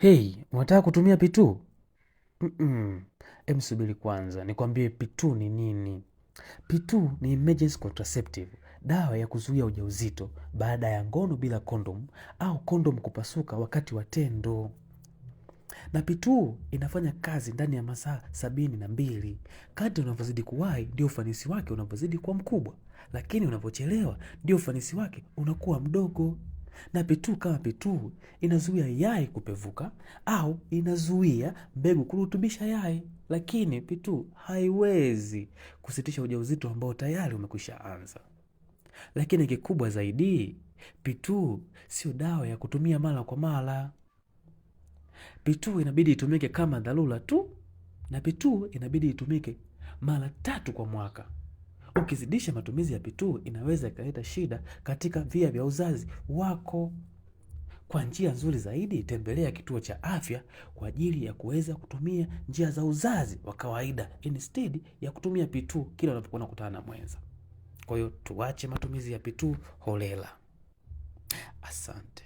Hey, unataka kutumia pitu? Mm -mm. Em, subiri kwanza nikwambie pitu ni nini. Pitu ni emergency contraceptive, dawa ya kuzuia ujauzito baada ya ngono bila kondom au kondom kupasuka wakati wa tendo. Na pitu inafanya kazi ndani ya masaa sabini na mbili. Kadri unavyozidi kuwahi ndio ufanisi wake unavyozidi kuwa mkubwa, lakini unavyochelewa ndio ufanisi wake unakuwa mdogo na p kama p inazuia yai kupevuka au inazuia mbegu kurutubisha yai, lakini p haiwezi kusitisha ujauzito ambao tayari umekwisha anza. Lakini kikubwa zaidi, p sio dawa ya kutumia mara kwa mara. p inabidi itumike kama dharura tu, na p inabidi itumike mara tatu kwa mwaka. Ukizidisha matumizi ya P2 inaweza ikaleta shida katika via vya uzazi wako. Kwa njia nzuri zaidi, tembelea kituo cha afya kwa ajili ya kuweza kutumia njia za uzazi wa kawaida instead ya kutumia P2 kila unapokuwa unakutana na mwenza. Kwa hiyo tuache matumizi ya P2 holela. Asante.